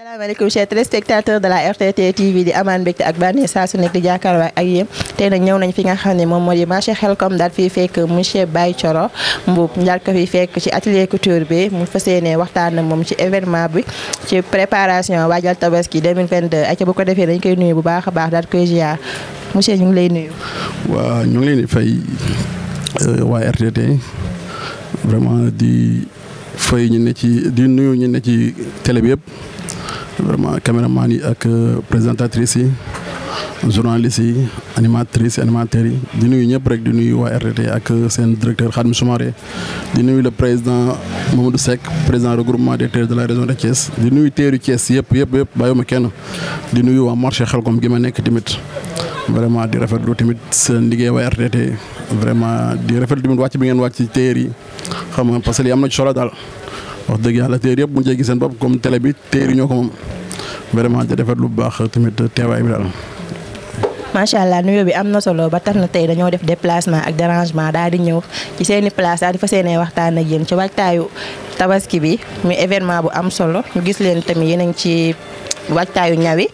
salaamaaleykum chers téléspectateurs de la RTT TV di amaan mbégte ak bànnee saa su nekk di jàkkaarloo ak yéen tey nag ñëw nañ fi nga xam ne moom moo di xel Xelcom daal fi fekk monsieur Baye Thioro Mboup daal ko fiy fekk ci atelier couture bi mu fas ne waxtaan moom ci événement bi ci préparation waajal tabaski 2022 ak bu ko defee dañ koy nuyu bu baax a baax daal koy ziar monsieur ñu ngi lay nuyu. waa ñu ngi leen di fay euh, di fay ñu ne nuyu ñu ne ci télé bi yëpp. vraiment caméraman yi ak euh, présentatrice yi journaliste yi animatrice yi animateurs yi di nuyu ñëpp rek di nuyu waa RTT ak euh, seen directeur Khadim Soumaré di nuyu le président Mamadou Seck président regroupement des terres de la région de Thiès di nuyu teeru Thiès yëpp yëpp yëpp bàyyiwuma kenn di nuyu waa marché Xelkom gi ma nekk tamit vraiment di rafetlu tamit seen liggéey waa RTT vraiment di rafetlu tamit wàcc bi ngeen wàcc ci teer yi xam nga parce que lii na solo daal wax dëgg yàlla téere yëpp mu cee seen bopp comme télé bi téere ñoo ko moom vraiment di defet lu baax teewaay bi daal. macha allah nuyoo bi am na solo ba tax na tey dañoo def déplacement ak dérangement daal di ñëw ci seeni i place daal di fa seenee waxtaan ak yéen ci waajtaayu tabaski bi muy événement bu am solo ñu gis leen tamit yéen ci. waajtaayu ñawi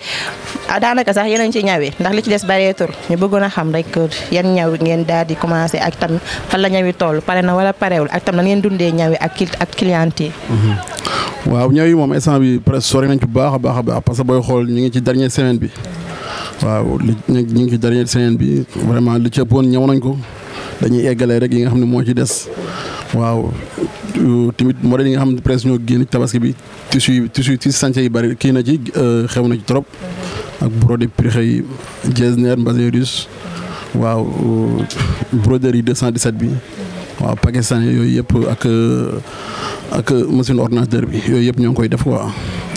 ah, daanaka sax yeneen ci ñawi ndax li ci des bareetul ñu bëggoon a xam rek euh, yan ñaw ngeen daal di commencé ak tam fan la ñawi toll pare na wala parewul ak tam na ngeen dundee ñawi ak ak client yi. Mm-hmm. waaw ñaw moom instant bi presque sori nañ ci bu baax a baax a baax parce que booy xool ñu ngi ci dernière semaine bi waaw ñu ngi ci dernière semaine bi vraiment li ci ëppoon ñëw nañ ko dañuy eggalee rek yi nga xam ne moo ci des waaw Euh, tamit modèle yi nga xam ne presque ñoo génn tabaski bi tissu yi tissu ci santé yi bëri kii na ci euh, xew na ci trop ak brodé prixe yi Getzner Mbasin russe waaw euh, broderie 217 bi waaw pakistan yooyu yëpp ak ak machine ordinateur bi yooyu yëpp ñoo ngi koy def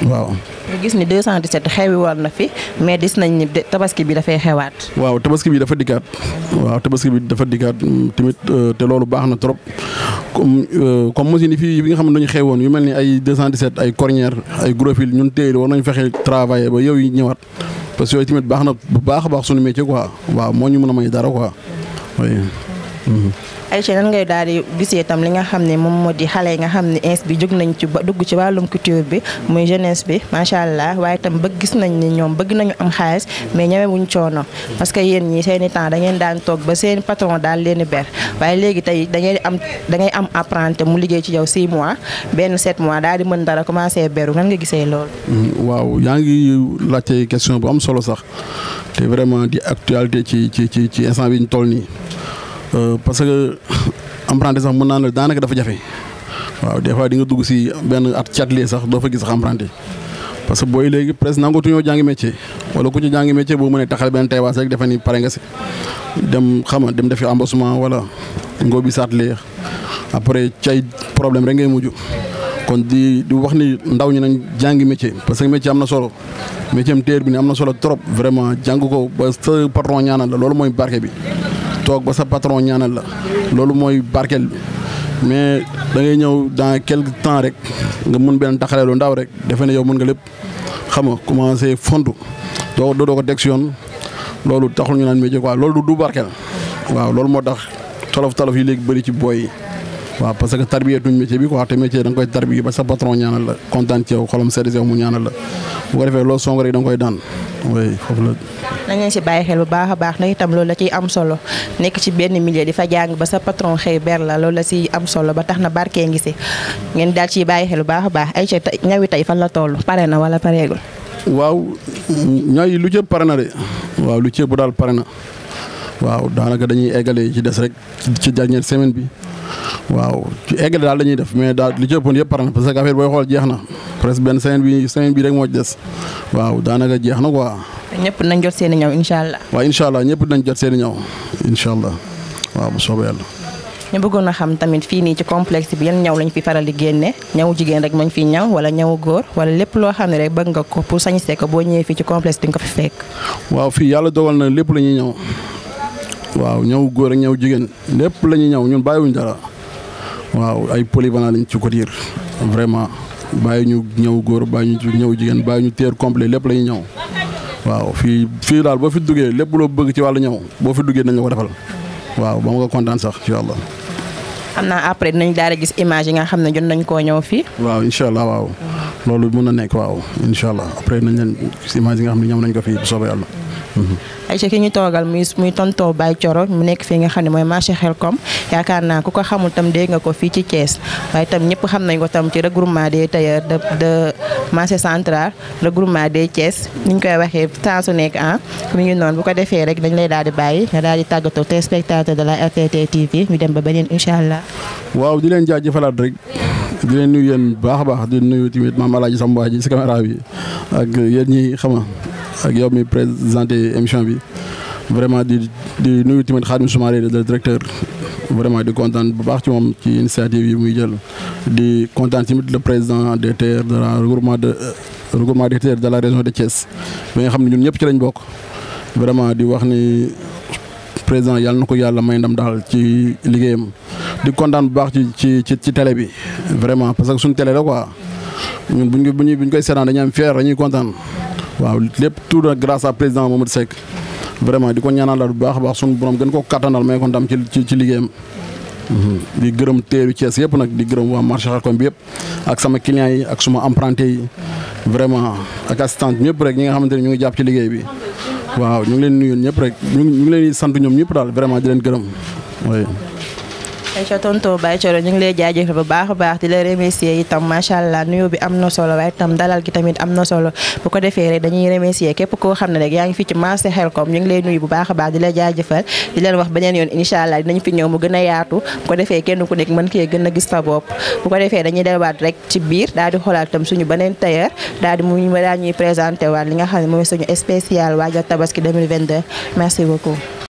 waaw. ma gis ni cent 217 xewi woon na fi mais gis nañ ni tabaski bi dafay xewaat. waaw tabaski bi dafa dikkaat waaw tabaski bi dafa dikkaat mm, tamit euh, te loolu baax na trop comme euh, comme machine yi fii bi nga xam ne dañu woon yu mel ni ay 217 ay cornière ay grofil ñun téye war nañu fexe travailler ba yow yi ñëwaat parce que yooyu tamit baax na bu baax a baax suñu métier quoi waaw moo ñu mun a may dara quoi Mm-hmm. Aïcha nan ngay daal di gisee tam li nga xam ne moom moo di xale yi nga xam ne inse bi jóg nañ ci ba dugg ci wàllum culture bi muy jeunesse bi macha allah waaye tam bëgg gis nañ ni ñoom bëgg nañu am xaalis mais ñeme wuñ coono parce que yéen ñi seen i temps da ngeen daan toog ba seen patron daal leen ber waaye léegi tey da am dangay ngay am apprenti mu liggéey ci yow 6 mois benn set mois daal di mën dara commencé beru nan nga gisee loolu. Mm-hmm. waaw yaa ngi laajte question bu solo sax vraiment di actualité ci ci ci ci instant bi ñu toll nii. Euh, parce que emprunté sax mën naa ne daanaka dafa jafe waaw des fois di nga dugg si benn at ci atelier sax doo fa gis sax emprunté parce que booy léegi presque nangatuñoo jàngi métier wala ku ci jàngi métier boo mënee taxal benn taywaas rek defe ni pare nga si dem xama dem defi embossement wala ngoo bi sa atelier après cay problème rek ngay mujj kon di di wax ni ndaw ñi nañ jàngi métier parce que métier am na solo métier am téer bi ne am na solo trop vraiment jàng ko ba sa patron ñaanal loolu mooy barke bi toog ba sa patron ñaanal la loolu mooy barkeel mais da ngay ñëw dan quelque temps rek nga mun benn taxalee lu ndaw rek defe ne yow mën nga lépp xam nga commencé fondu doo doo ko teg si yoon loolu taxul ñu naan métier quoi loolu du barkeel waaw loolu moo tax tolof tolof yi léegi bëri ci booy yi waaw parce que tarbiyeetuñ métier bi quoi te métier da koy tarbiye ba sa patron ñaanal la kontaan ci yow xolam sedd yow mu ñaanal la. bu ko defee loolu song rek da koy daan oui foofu la. nañ si bàyyi xel bu baax a baax nag itam la ciy am solo nekk ci benn milieu di fa jàng ba sa patron xëy ber la loolu si am solo ba tax na barkee ngi si ngeen daal bàyyi xel bu baax a baax ay ca ñawi tey fan la toll pare na wala pareegul. waaw ñaay lu jëm pare na lu ceeb bu daal pare na waaw daanaka dañuy eggale ci des rek ci dernière semaine bi waaw ci eggale daal dañuy def mais lu jëppoon yëpp pare na parce que affaire booy xool jeex na. presque benn semaine bi semaine bi rek moo ci des waaw daanaka jeex na quoi. ñëpp nañ jot seen ñaw incha allah. waaw incha allah ñëpp nañ jot seen i ñaw incha allah waaw bu soobee yàlla. ñu bëggoon a xam tamit fii nii ci complexe bi yan ñaw lañ fi faral di génne ñaw jigéen rek mañ fi ñaw wala ñaw góor wala lépp loo xam ne rek bëgg nga ko pour sañ ko boo ñëwee fii ci complexe di nga ko fi fekk. waaw fii yàlla dogal na lépp la ñuy ñaw waaw ñaw góor ak ñaw lépp la ñuy ñaw ñun bàyyiwuñ dara waaw ay lañ ci ko diir bàyyi ñu ñëw góor bàyyi ñu ñëw jigéen bàyyi ñu teer complet lépp lañu ñuy ñëw waaw fii fii daal boo fi duggee lépp loo bëgg ci wàllu ñëw boo fi duggee nañ la ko defal waaw ba ma ko kontaan sax incha allah. xam naa après dinañ daal gis image yi nga xam ne jot nañ koo ñëw fii. waaw incha allah waaw. loolu mën na nekk waaw incha allah après nañ leen si image yi nga xam ne ñoom ko fii bu soobee yàlla. Mhm. ayca ki ñu toogal muy muy tontoo Baye Coro mu nekk fii nga xam ne mooy marché kom yaakaar naa ko ko xamul tam dégg nga ko fii ci Thiès waaye tam ñëpp xam nañ ko tam ci regroupement des tailleurs de de marché central regroupement des Thiès ni ñu koy waxee saa su nekk ah mi ngi noonu bu ko defee rek dañ lay daal di bàyyi nga daal di tàggatoo téléspectateur de la RTT TV ñu dem ba beneen incha allah. waaw di leen jaajëfalaat rek. di leen nuyu yéen baax a baax di nuyu tamit maam alaaji Samba ji si caméra bi ak yéen ñi xama ak yow mi présenté émission bi vraiment di di nuyu tamit Khadim Soumaré le directeur vraiment di kontaan bu baax ci moom ci initiative yi muy jël di kontaan tamit le président des terres de la regroupement de regroupement des terres de la région de Thiès bi nga xam ne ñun ñëpp ci lañ bokk vraiment di wax ni président yàlla na ko yàlla may ndam daal ci liggéeyam di kontaan bu baax ci ci ci télé bi vraiment parce que suñ télé la quoi ñun bu ñu bu ñu koy seetaan dañuy am fier dañuy kontaan waaw lépp tout de grâce à président Mamadou Seck vraiment di ko ñaanal bu baax baax suñu borom gën ko kattanal may ko ndam ci ci liggéeyam. Mhm. di gërëm teeru Thiès yëpp nag di gërëm waa marché Xelcom bi yëpp ak sama clients yi ak suma emprunté yi vraiment ak assistant ñëpp rek ñi nga xamante ne ñu ngi jàpp ci liggéey bi waaw ñu ngi leen nuyu ñëpp rek ñu ngi leen di sant ñoom ñëpp daal vraiment di leen gërëm oui. Aïcha tonton Baye Thioro ñu ngi lay jaajëfal bu baax a baax di la remercier itam macha allah nuyoo bi am na solo waaye itam dalal gi tamit am na solo bu ko defee rek dañuy remercier képp koo xam ne rek yaa ngi fi ci marché koom ñu ngi lay nuyu bu baax a baax di la jaajëfal di leen wax beneen yoon incha allah dinañ fi ñëw mu gën a yaatu bu ko defee kenn ku nekk mën kee gën a gis sa bopp bu ko defee dañuy delluwaat rek ci biir daal di xoolaat suñu beneen daal di mu daal ñuy présenté waat li nga xam ne mooy suñu spécial waajal tabaski 2022 merci beaucoup